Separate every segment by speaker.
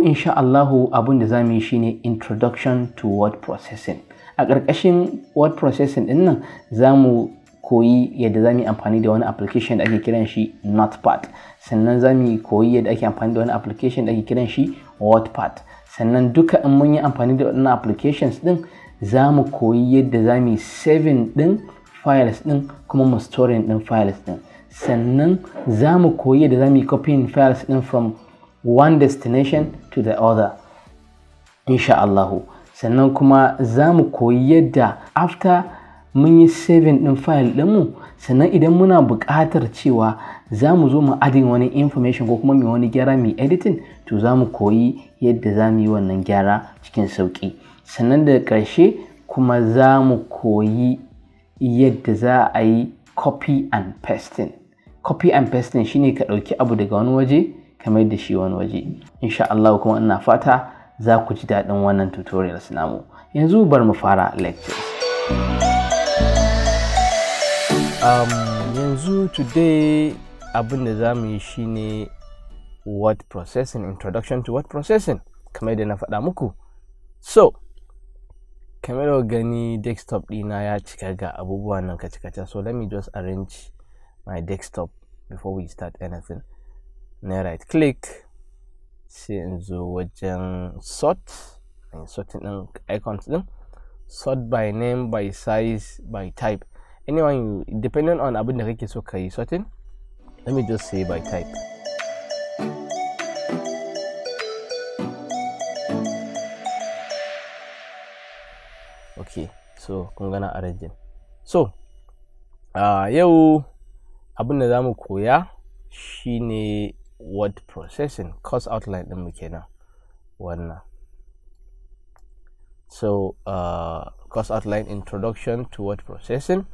Speaker 1: insha Allahu abin da zamu yi shine introduction to word processing a ƙarƙashin word processing din nan zamu koyi yadda za mu yi amfani da wani application da ake kiran shi notepad sannan za mu koyi yadda ake amfani da wani application da ake kiran shi wordpad sannan duka in mun yi amfani da wannan applications din za mu koyi yadda za mu yi saving din files din kuma mu storing din files din sannan za mu koyi yadda za mu yi copying files din from one destination to the other insha'allahu sannan kuma za mu koyi yadda after mun yi saving ɗin file ɗinmu sannan idan muna buƙatar cewa za mu zo mu adin wani information ko kuma mai wani gyara mai editing to za mu koyi yadda za mu yi wannan gyara cikin sauƙi sannan da ƙarshe kuma za mu koyi yadda za a yi copy and pasting copy and pasting shine ka ɗauki abu daga wani waje kamar da shi wani waje insha Allah kuma ina fata za ku ji daɗin wannan tutorial namu yanzu bar mu fara lecture um, yanzu today
Speaker 2: abin da za mu yi shine word processing introduction to word processing kamar da na faɗa muku so kamar da gani desktop ɗina ya cika ga abubuwan nan kace so let me just arrange my desktop before we start anything na right click sai in zo wajen sort in sorting din icons din sort by name by size by type anyone depending on abin da kake so ka yi sorting let me just say by type okay so kun gana arranging so uh, yau abin da za mu koya shine word processing course outline din mu kenan wannan so uh, course outline introduction to word processing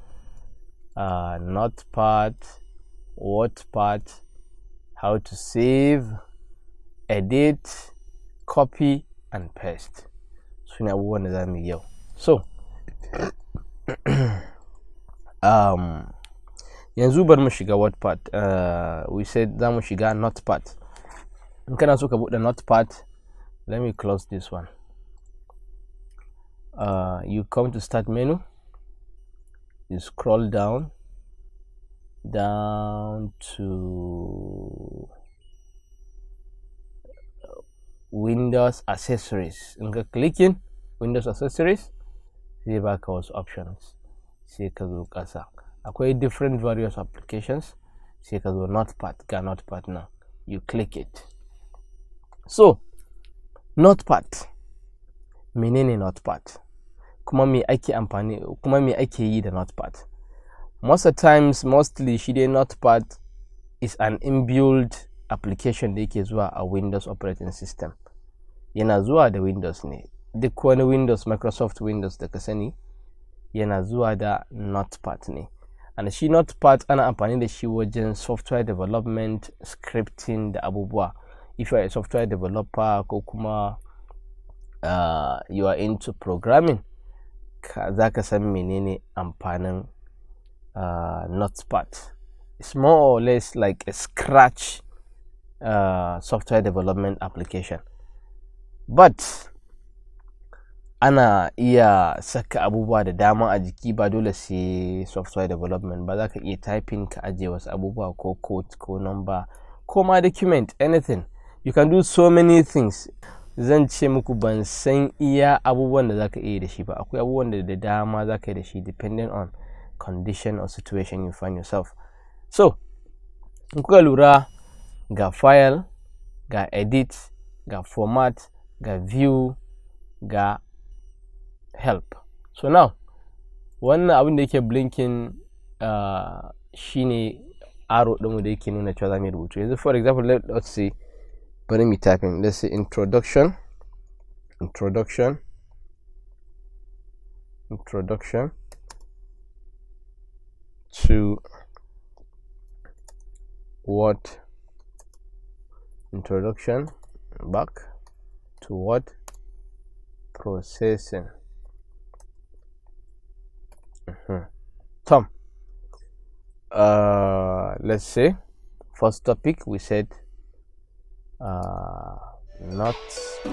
Speaker 2: uh, What part? how to save edit copy and paste So ne abubuwan da za mu yi yau so um, yanzu bar mu shiga part? uh, we said za mu shiga notepad in kana so ka not part. let me close this one uh, you come to start menu you scroll down down to windows accessories in ka clicking windows accessories see back wasu options See ka zo akwai different various applications sai ka zo notepad ga notepad na you click it so notepad menene notepad kuma me ake amfani kuma me ake yi da notepad most of times mostly shi dai notepad is an inbuilt application da yake zuwa a windows operating system yana zuwa da windows ne duk wani windows microsoft windows da ka sani yana zuwa da notepad ne and she shi notepad ana amfani she shi in software development scripting the abubuwa if you are a software developer kokuma uh, you are into programming za ka san menene amfanin uh, notepad it's more or less like a scratch uh, software development application but ana iya saka abubuwa da dama a jiki ba dole sai software development ba za ka iya typing ka ajiye wasu abubuwa ko code ko number ko ma document anything you can do so many things zan ce muku ban san iya abubuwan da za ka iya da shi ba akwai abubuwan da da dama za ka yi da shi depending on condition or situation you find yourself so in kuka lura ga file ga edit ga format ga view ga help so now I will make a blinking uh, shine arrow do da yake nuna cewa za mu rubutu yanzu for example let, let's let me type in, let's say introduction introduction introduction to what introduction back to what processing Mm-hmm. Tom, uh, let's say, first topic we said uh, not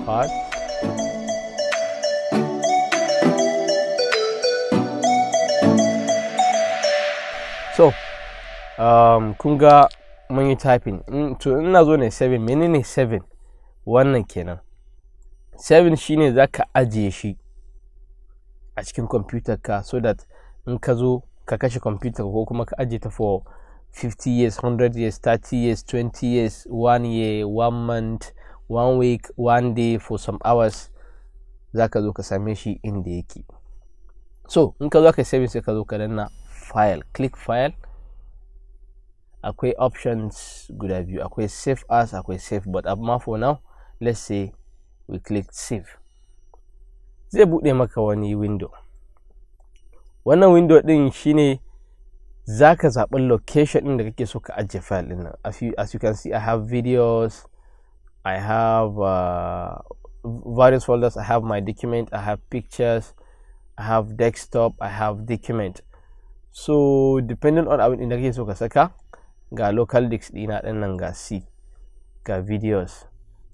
Speaker 2: part. So, um, kun ga mun typing. Mm, to ina zo 7, menene 7? na kena. 7 shine za ka ajiye shi a computer ka so that in ka zo ka kashe kwamfuta ko kuma ka ajiye ta for 50 years 100 years 30 years 20 years one year one month one week one day for some hours za ka zo ka same shi inda yake so in ka zo ka save sai ka zo ka danna file click file akwai options guda biyu akwai save as akwai save but amma for now let's say we click save zai buɗe maka wani window wannan window din shine za ka zaɓi location ɗin da kake so ka ajiye file ɗin as you can see i have videos i have uh, various folders i have my document i have pictures i have desktop i have document so depending on abin da kake so ka saka ga local disk ɗina ɗin nan ga c ga videos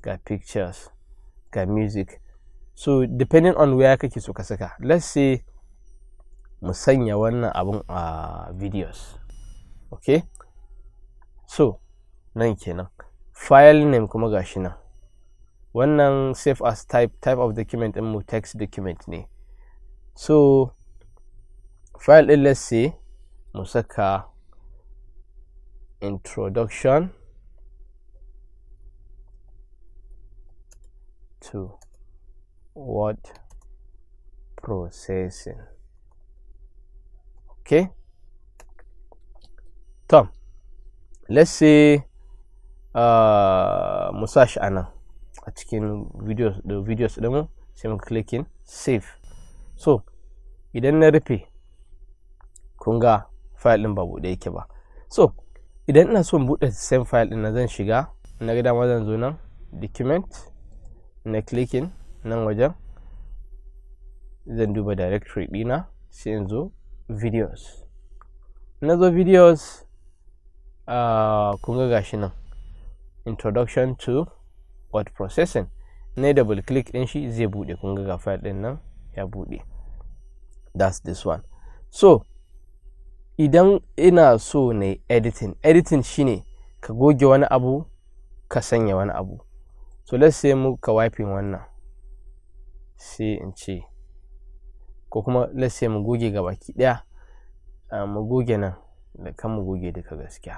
Speaker 2: ga pictures ga music so depending on where kake so ka saka let's say mu sanya wannan abun a videos ok so nan kenan file name kuma gashi nan wannan save as type type of document din mu text document ne so file din let's say mu saka introduction to word processing okay to let's say uh, musashi anan a cikin videos da videos din sai mu clicking save so idan na rufe kun ga file din ba bude yake ba so idan ina so buɗe bude same file din na zan shiga na ga dama zan zo nan document na clicking nan wajen zan duba directory dina sai in zo videos Another videos uh, introduction to word processing na double click din shi zai bude kun ga file din nan ya bude that's this one so idan ina so ne editing editing shine ka goge wani abu ka sanya wani abu so let's say mu ka wiping wannan sai in ko kuma say mu goge ga baki ɗaya mu goge nan da kan mu goge duka gaskiya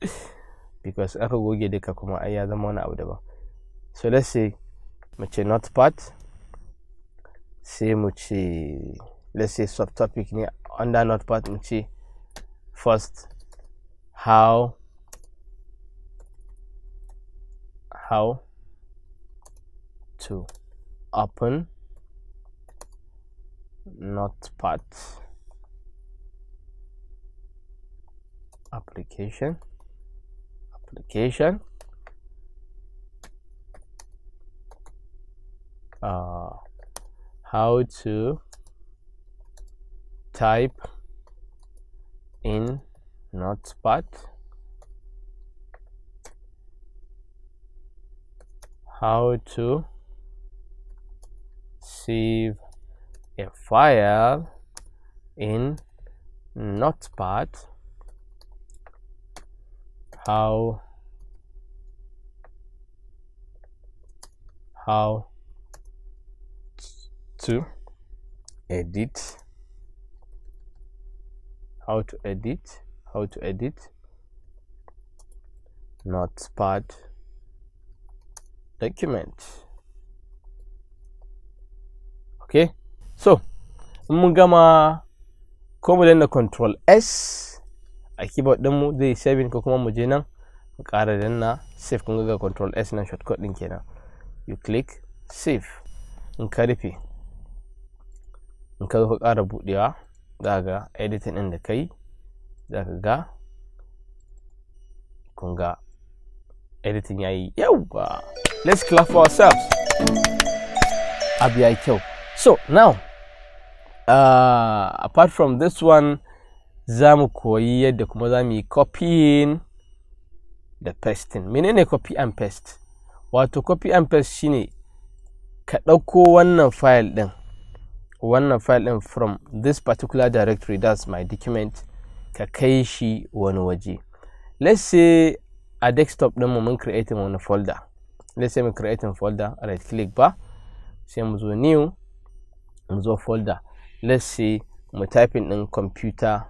Speaker 2: because aka goge duka kuma ai ya zama wani abu daban so let's say mu ce part. sai mu ce let's say subtopic ne under part mu ce first how how to open not part application application uh, how to type in notepad how to save a file in notepad how how to edit how to edit how to edit notepad document okay so in mun gama ko mu danna control s a keyboard mu zai 7 ko kuma mu je nan mu ƙara danna save kun ga control s nan shortcut ɗin kenan you click save in ka rufe in ka ka ƙara buɗewa za ga editing ɗin da kai za ka ga kun ga editing yayi yi yauwa let's clap for ourselves abu ya kyau so now Ah, apart from this one za mu koyi yadda kuma za mu yi copying da pasting menene copy and paste wato copy and paste shine ka ɗauko wannan file ɗin wannan file ɗin from this particular directory that's my document ka kai shi wani waje let's say a desktop ɗin mu mun creating wani folder let's say mu creating folder right click ba sai mu zo new mu zo folder let's say mu typing ɗin computer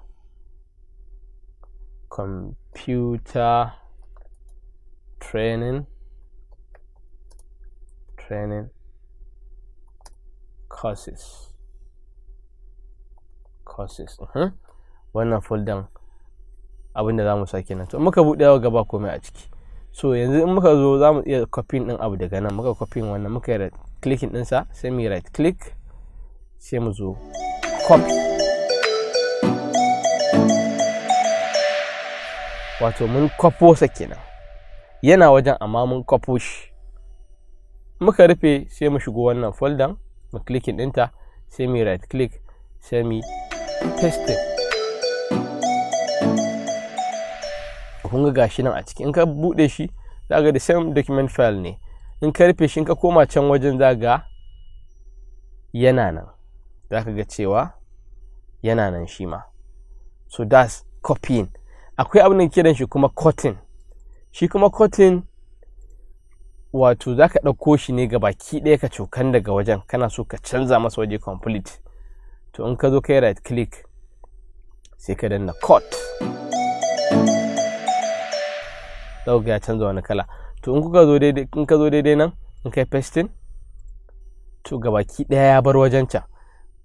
Speaker 2: computer training training courses courses uh mhm. -huh. wannan folder abinda za mu sake nan to muka buɗe yawa gaba komai a ciki so yanzu in muka zo za mu iya copying ɗin abu daga nan muka copying wannan muka yi right clicking ɗinsa sai mu right click sai mu zo copy wato mun kwafo sa kenan yana wajen amma mun kwafo shi muka rufe sai mu shigo wannan folder mu klikin ɗinta sai mu right click sai mu paste kun ga gashi nan a ciki in ka buɗe shi za ga the same document file ne in ka rufe shi in ka koma can wajen za ga yana nan za ka ga cewa yana nan shi ma so that's copying akwai abin da kiran shi kuma cotton shi kuma cotton wato za ka ɗauko shi ne ga baki ɗaya ka cokan daga wajen kana so ka canza masa waje complete to in ka zo ka right click sai ka danna cut ya canza wani kala to in kuka zo daidai in ka zo daidai nan in kai pasting to ga baki ɗaya ya bar wajen can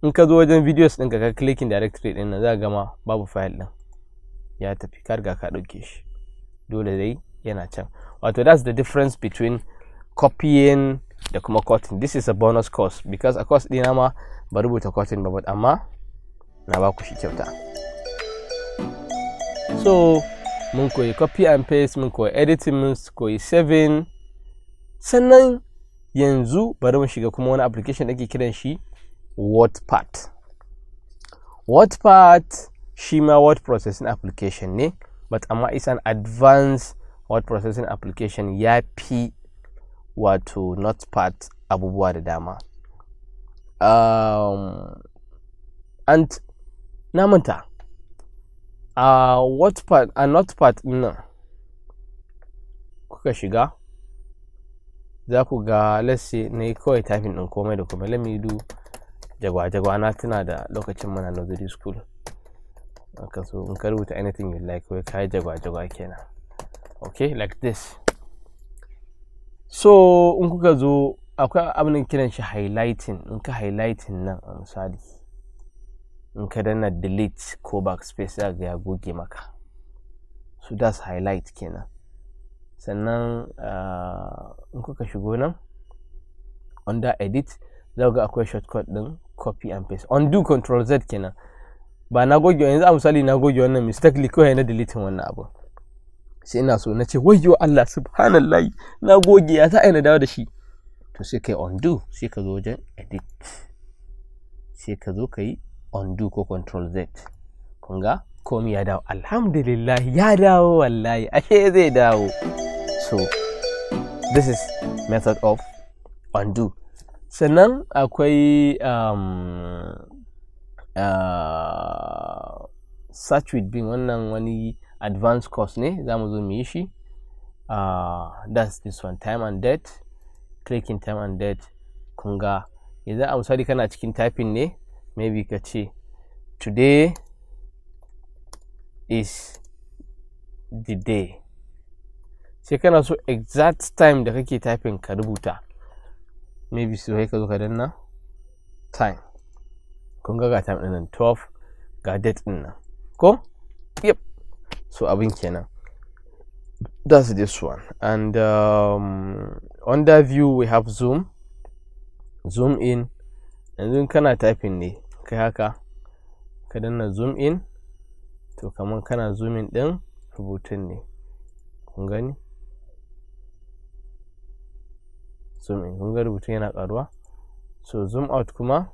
Speaker 2: in ka zo wajen videos ɗinka ka clicking directory ɗin nan za ka gama babu file ɗin ya tafi ka riga ka ɗauke shi dole dai yana can wato that's the difference between copying da kuma cutting this is a bonus course because a course ɗina ma ba rubuta cutting ba but amma na ba ku shi kyauta so mun koyi copy and paste mun koyi editing mun koyi saving sannan yanzu bari mu shiga kuma wani application da ke kiran shi wordpad wordpad shi ma word processing application ne but amma is an advanced word processing application ya fi wato notepad abubuwa da dama um, and na manta a uh, wordpad a notepad nan kuka shiga za ku ga let's say na yi kawai typing ɗin komai da komai let me do jagwa jagwana na tuna da lokacin mana nursery school aka so in ka rubuta anything you like wai ka jagwa-jagwa kenan okay like this so in kuka zo akwai abin kiran shi highlighting in ka highlighting nan a misali in ka dana delete ko backspace za ga ya goge maka so that's highlight kenan sannan ah, in kuka shigo nan under edit za ga akwai shortcut din copy and paste undo control z kenan ba na goge yanzu a misali na goge wannan li kawai na delete wannan abu sai ina so na ce wayyo Allah subhanallahi na goge ya za na dawo da shi to sai kai undo sai ka zo wajen edit sai ka zo kai undo ko control z kun ga komi ya dawo alhamdulillah ya dawo wallahi ashe zai dawo so this is method of undo sannan akwai um, uh, search with bin wannan wani advanced course ne za mu zo mu yi shi ah, that's this one time and date clicking time and date kun ga yanzu a misali kana cikin typing ne maybe ka ce today is the day sai kana so exact time da kake typing ka rubuta maybe su ka zo ka danna time kun ga ga time din nan 12 ga date din nan ko yep so abin kenan that's this one and um, under view we have zoom zoom in yanzu kana typing ne kai haka ka danna zoom in to kaman kana zoom in din rubutun ne kun gani zoom in kun ga rubutun yana karuwa so zoom out kuma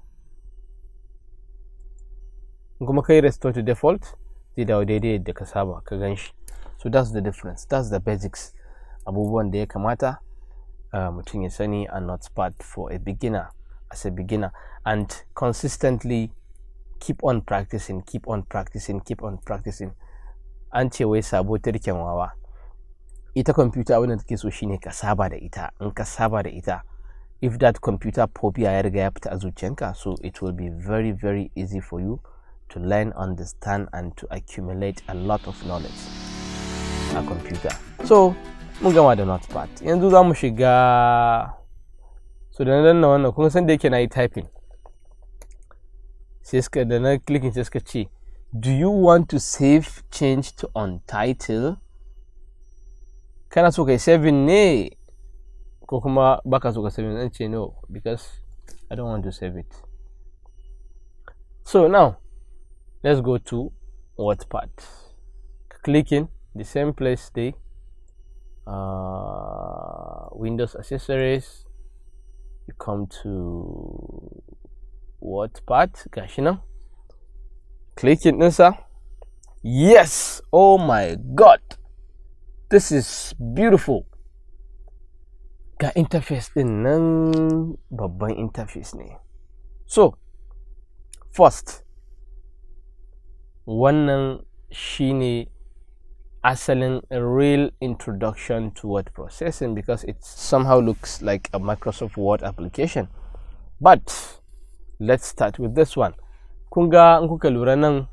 Speaker 2: in kuma kai restore to default zai dawo daidai da ka saba ka gan shi so that's the difference that's the basics abubuwan da ya kamata ah, mutum ya sani a not for a beginner as a beginner and consistently keep on practicing keep on practicing keep on practicing an ce wai sabo tirken wawa ita kwamfuta abin da take so shine ka saba da ita in ka saba da ita if that computer phobia ya riga ya fita a zuciyanka so it will be very very easy for you to learn understand and to accumulate a lot of knowledge a computer so mun gama da notepad yanzu za mu shiga so da na danna wannan kun san da yake na yi typing sai suka da na clicking sai suka ce do you want to save change to untitled kana so kai ne ko kuma baka so ka ce no because i don't want to save it so now let's go to what part clicking the same place the uh, Windows accessories you come to WordPad gashi nan clicking ɗinsa yes oh my god this is beautiful ga interface din nan babban interface ne so first wannan shine asalin a real introduction to word processing because it somehow looks like a microsoft word application but let's start with this one kun ga in kuka lura nan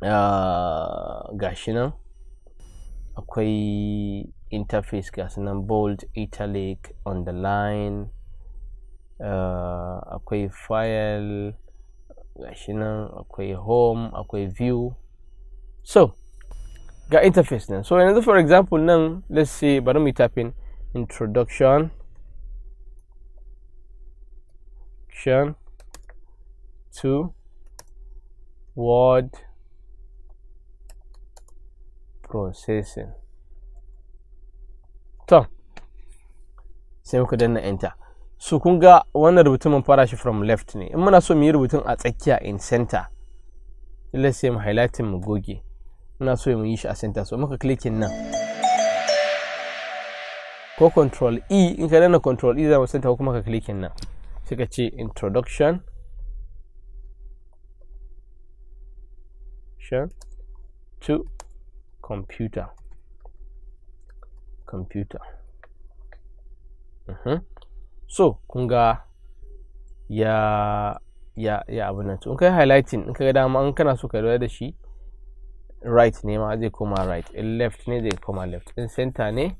Speaker 2: uh, gashi nan akwai interface ga nan bold italic underline uh, akwai file gashi nan akwai home akwai view so ga interface nan so another for example nan let's let bari mu in introduction to word processing to sai muka danna enter so kun ga wannan rubutun mun fara shi from left ne in muna so mu yi rubutun a tsakiya in center Illa sai mu highlighting mu goge muna so mu yi shi a center so muka clicking nan ko control e in ka danna control e za mu center ko kuma ka clicking nan sai ka ce introduction to computer computer uh mhm. -huh. so kun ga ya ya ya abu nan in kai highlighting in ka ga dama in kana so ka lura da shi right ne ma zai koma right in left ne zai koma left in center ne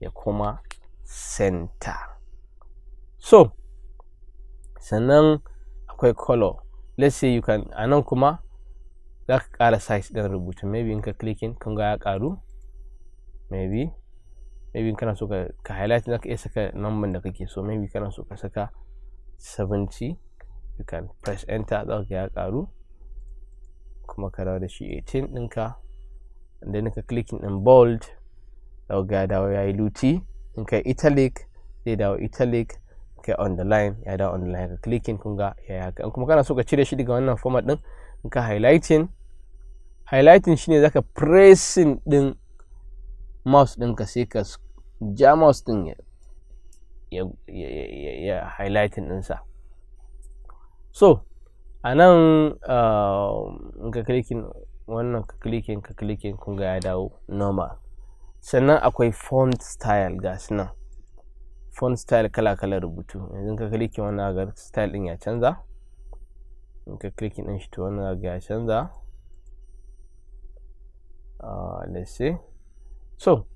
Speaker 2: ya koma center so sannan akwai color let's say you can anan kuma za ka kara size din rubutun maybe in ka clicking kun ga ya karu, maybe maybe kana so ka ka highlight za ka iya saka number da kake so maybe kana so ka saka 70 you can press enter za ka ya karu kuma ka dawo da shi 18 ɗinka and then ka clicking in bold za ka dawo ya yi luti in ka italic zai dawo italic the underline ya dawo underline ka clicking kun ga ya ya kuma kana so ka cire shi daga wannan format din ka highlighting highlighting shine zaka pressing din mouse ɗinka sai ka ja mouse ɗin ya ya highlighting ɗinsa so a nan ah, in ka klikin wannan ka klikin ka klikin kun ga ya dawo normal sannan akwai font style ga nan font style kala-kala rubutu yanzu ka klikin wannan ga style ɗin ya canza in ka klikin ɗin shi to wannan ga ya canza uh, let's say so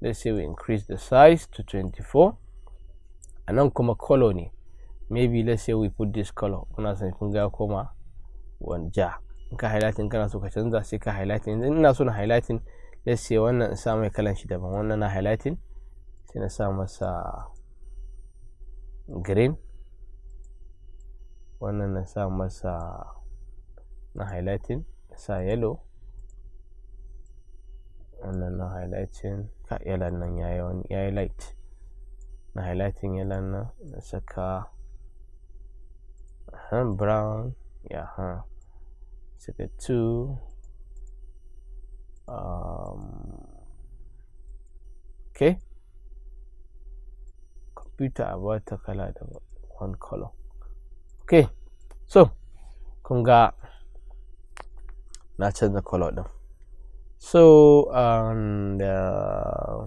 Speaker 2: let's say we increase the size to 24 and then kuma color ne maybe let's say we put this color kuna san kun ga koma wani ja in ka highlighting kana so ka canza sai ka highlighting idan ina so na highlighting let's say wannan in sa mai kalan shi daban wannan na highlighting sai na sa masa green wannan na sa masa na highlighting sa yellow and na highlighting cut yellow and yay on yay na highlighting yellow and na a car brown yeah huh so two um okay computer about a color one color okay so kunga na change the color though. so and uh,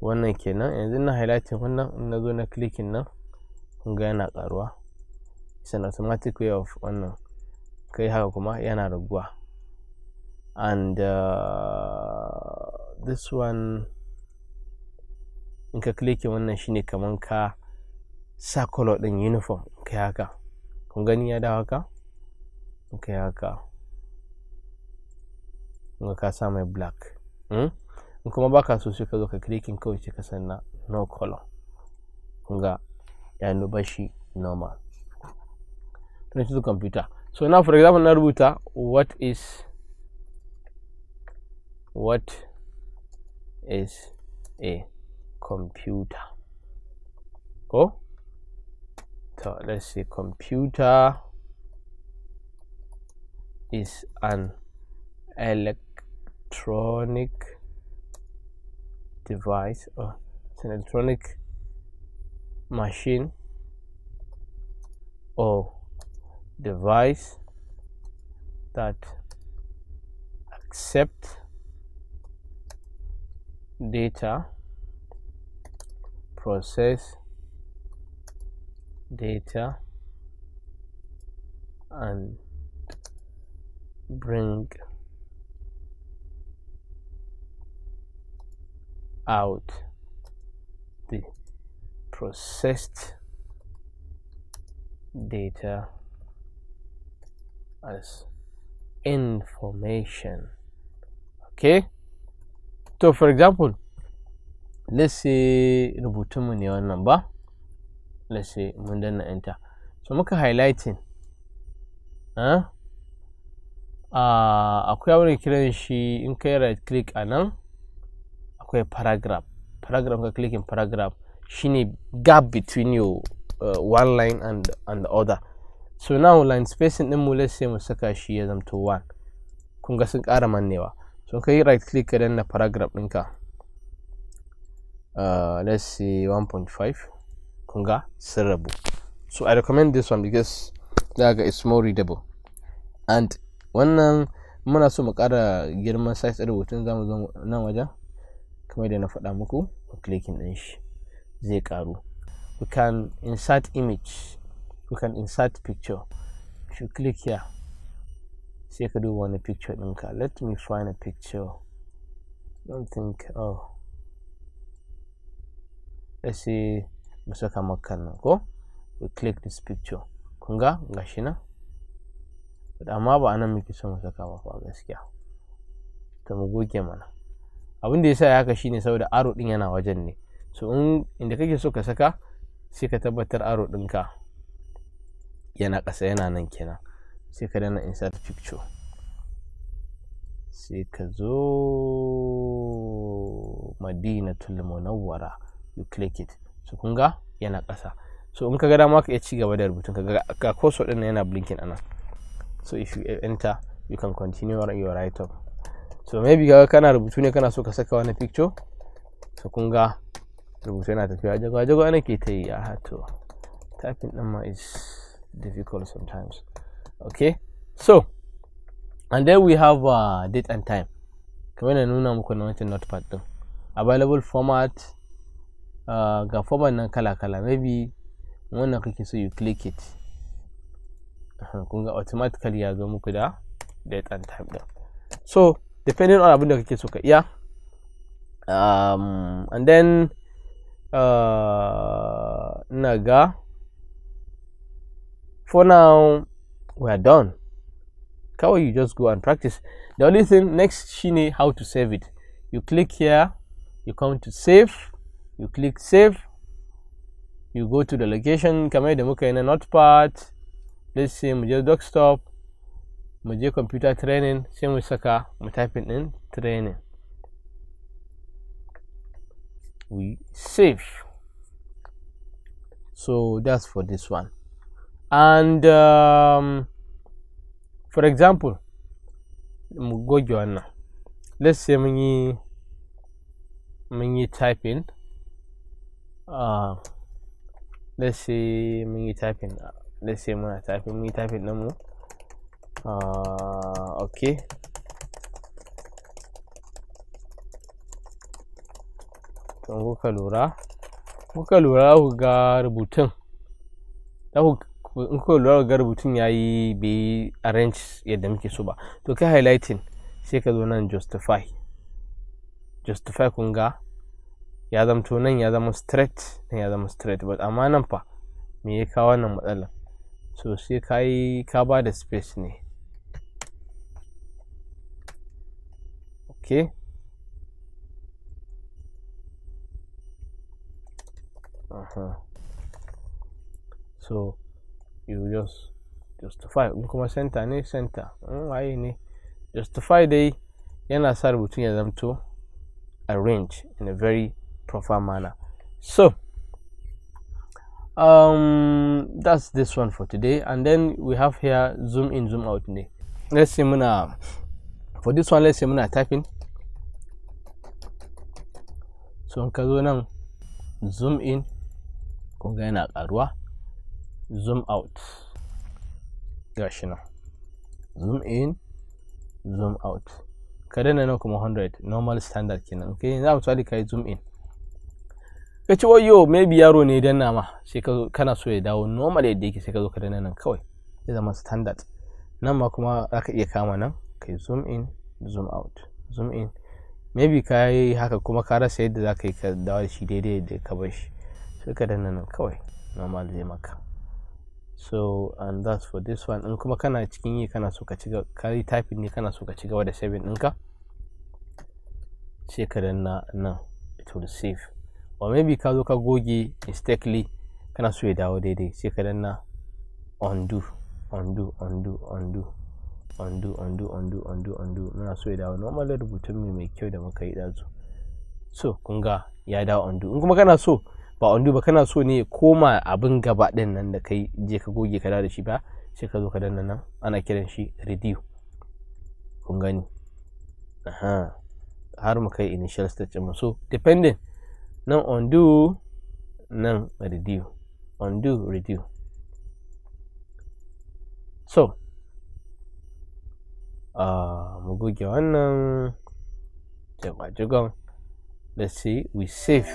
Speaker 2: wannan kenan yanzu na highlighting wannan in na zo na clicking nan kun ga yana karuwa it's an automatic way of wannan kai haka kuma yana raguwa and uh, this one in ka clicking wannan shine kaman ka sa color din uniform kai haka kun gani ya dawo haka kai haka in ka sa mai black in hmm? kuma ba ka so sai ka zo ka clicking kawai sai ka sanna no color kun ga ya nuba shi normal to the computer so now for example na rubuta what is what is a computer ko so let's say computer is an electronic electronic device or oh, it's an electronic machine or device that accept data process data and bring out the processed data as information okay so for example let's say rubutunmu ne wannan ba let's say mun danna enter so muka highlighting ah, ah, akwai abin kiran shi in kai right click a nan akwai paragraph paragraph ka clicking paragraph shine gap between your uh, one line and and the other so now line spacing din mu let's say mu saka shi ya zamto one kun ga sun ƙara mannewa so kai right click ka danna paragraph ɗinka uh, let's say 1.5 kun ga sun rabu so i recommend this one because daga it's more readable and wannan muna so mu ƙara girman size rubutun zamu zo nan wajen kamar da na faɗa muku ku clicking ɗin shi zai ƙaru we can insert image we can insert picture if you click here sai ka duba wani picture ɗinka let me find a picture don't think oh let's say mu saka makan nan ko we click this picture kun ga gashi nan amma ba anan muke so mu saka ba gaskiya ta mu goge mana abin da sa ya haka shine saboda aro din yana wajen ne so in inda kake so ka saka sai ka tabbatar aro ɗinka yana ƙasa yana nan kenan sai ka dana insert picture sai ka zo madina munawwara you click it so kun ga yana ƙasa so in ka ga dama ka iya ci gaba da rubutun ka ga ko so ɗin yana blinking anan so if you enter you can continue your write up so maybe kaga kana rubutu ne kana so ka saka wani picture so kun ga rubutu yana tafiya jago ana ke ta yi a hato typing din ma is difficult sometimes okay so and then we have uh, date and time kamar na nuna muku na wancan notepad din available format uh, ga format nan kala kala maybe wannan kake so you click it kun ga automatically ya zo muku da date and time din so depending on abin da kake so ka iya um, and then uh, naga for now we are done kawai you just go and practice the only thing next shini how to save it you click here you come to save you click save you go to the location come da the yi na notepad let's say mu desktop mu computer training sai mu saka mu type din training we save so that's for this one and um, for example mu goge wannan let's say mun yi mun yi typing uh, let's say mun type in let's say muna type mun yi typing namu uh, okay in kuka lura kuka lura ku ga rubutun um, in um kuka lura ga rubutun ya yi bai arrange yadda muke so ba to kai highlighting sai ka zo nan justify justify kun ga ya zamto nan ya zama straight nan ya zama straight but amma nan fa me ya kawo wannan matsalar so sai ka yi ka ba da space ne okay uh-huh so you just justify in kuma center ne center in mm, waye ne justify dai yana sa rubutun them zamto arrange in a very proper manner so um that's this one for today and then we have here zoom in zoom out ne let's see muna for this one let's say muna typing so in ka zo nan zoom in kun ga yana karuwa zoom out gashi nan zoom in zoom out ka daina nan kuma 100 normal standard kenan okay yanzu a misali ka yi zoom in ka ci wayo maybe yaro ne dan nama sai ka kana so ya dawo normal yadda yake sai ka zo ka daina nan kawai ya zama standard nan ma kuma ka iya kama nan kai zoom in zoom out zoom in maybe ka yi haka kuma ka rasa yadda za ka yi ka dawo shi daidai da ka bar shi sai ka danna nan kawai normal zai maka so and that's for this one in kuma kana cikin yi kana so ka ci ka yi typing ne kana so ka ci gaba da seven ɗinka sai ka danna nan it will save or maybe ka zo ka goge mistakenly kana so ya dawo daidai sai ka danna undo undo undo undo undo undo undo undo undo muna so ya dawo normal rubutun mai mai kyau da muka yi dazu so kun ga ya dawo undo in kuma kana so ba undo ba kana so ne koma abin gaba din nan da kai je ka goge ka da shi ba sai ka zo ka danna nan ana kiran shi redo kun gani aha har mu kai initial stage mu so depending nan undo nan redo undo redo so mu goge wannan jigon da say we save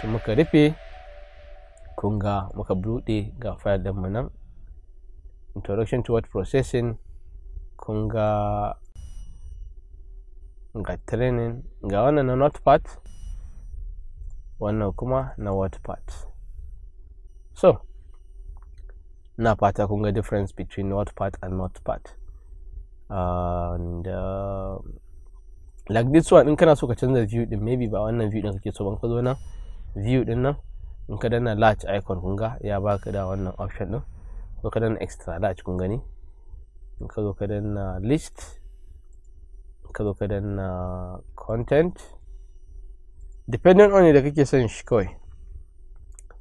Speaker 2: to muka rufe kunga muka bude ga fayar ɗinmu nan introduction to word processing kunga ga training ga wannan na notepad wannan kuma na part, so na fata kun ga difference between north part and north part and uh, like this one in kana so ka canza view din maybe ba wannan view din kake so ban ka zo nan view din nan in ka danna large icon kun ga ya baka da wannan option din ko ka danna extra large kun gani in ka zo ka danna list ka zo ka danna content depending on da kake son shi kawai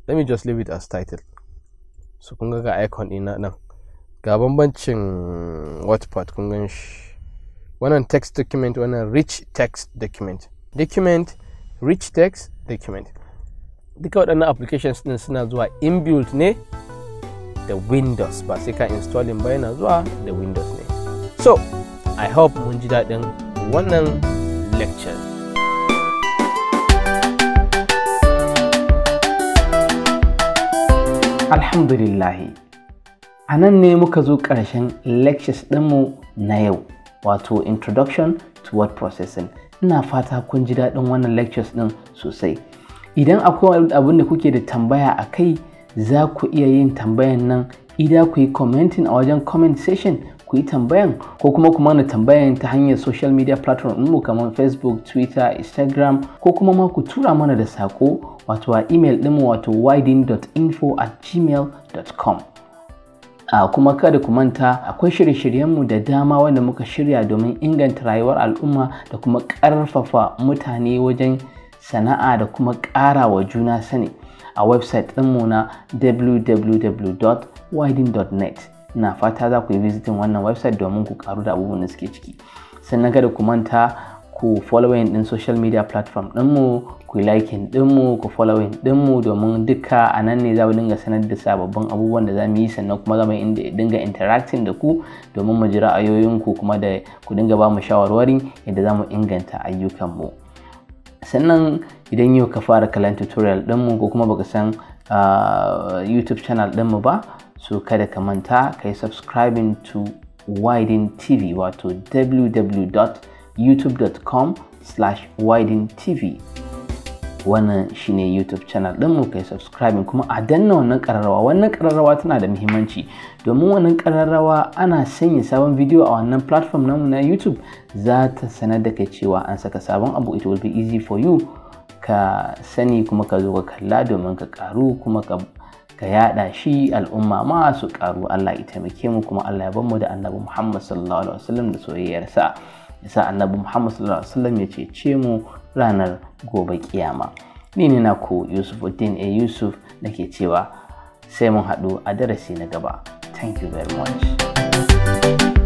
Speaker 2: let me just leave it as title so kun ga ga icon ɗina nan ga bambancin wordpad kun gan shi wannan text document wannan rich text document document rich text document duka waɗannan applications ɗin suna zuwa inbuilt ne da windows ba sai ka installing ba yana zuwa da windows ne so i hope mun ji daɗin wannan lecture
Speaker 1: alhamdulillahi a nan ne muka zo ƙarshen lectures ɗinmu na yau wato introduction to word processing ina fata kun ji daɗin wannan lectures ɗin sosai idan akwai abin da kuke da tambaya a kai za ku iya yin tambayan nan idan ku yi commenting a wajen comment session ku yi tambayan ko kuma ku mana tambayan ta hanyar social media platform mu kamar facebook twitter instagram ko kuma ma ku tura mana da sako wato a email ɗinmu wato widen.info at gmail.com a kuma kada ku manta akwai shirye-shiryenmu da dama wanda muka shirya domin inganta rayuwar al'umma da kuma ƙarfafa mutane wajen sana'a da kuma ƙara wa juna sani a website ɗinmu na www.widen.net na fata za ku yi visitin wannan website domin ku karu da abubuwan da suke ciki sannan kada ku manta ku following din social media platform dinmu ku likin dinmu ku following dinmu domin duka a nan ne za mu dinga sanar da sababbin abubuwan da za mu yi sannan kuma za mu dinga interacting da ku domin mu ji ra'ayoyinku kuma da ku dinga ba mu shawarwari yadda za mu inganta ayyukanmu sannan idan yau ka fara kalan tutorial dinmu ko kuma baka san ah, youtube channel dinmu ba so kada ka manta ka yi subscribing to widen tv wato www.youtube.com slash widen tv wannan shine youtube channel mu kai subscribing kuma a danna wannan kararrawa wannan kararrawa tana da muhimmanci domin wannan kararrawa ana sanya sabon bidiyo a wannan platform namu na youtube za ta sanar da kai cewa an saka sabon abu it will be easy for you ka sani kuma ka zo ka kalla domin ka karu kuma ka ka yada shi al'umma masu karu Allah ya taimake mu kuma Allah ya bar mu da annabi Muhammad sallallahu alaihi wasallam da soyayyarsa yasa annabi Muhammad sallallahu alaihi wasallam ya cece mu ranar gobe kiyama ni ne ku Yusuf Uddin A Yusuf nake cewa sai mun hadu a darasi na gaba thank you very much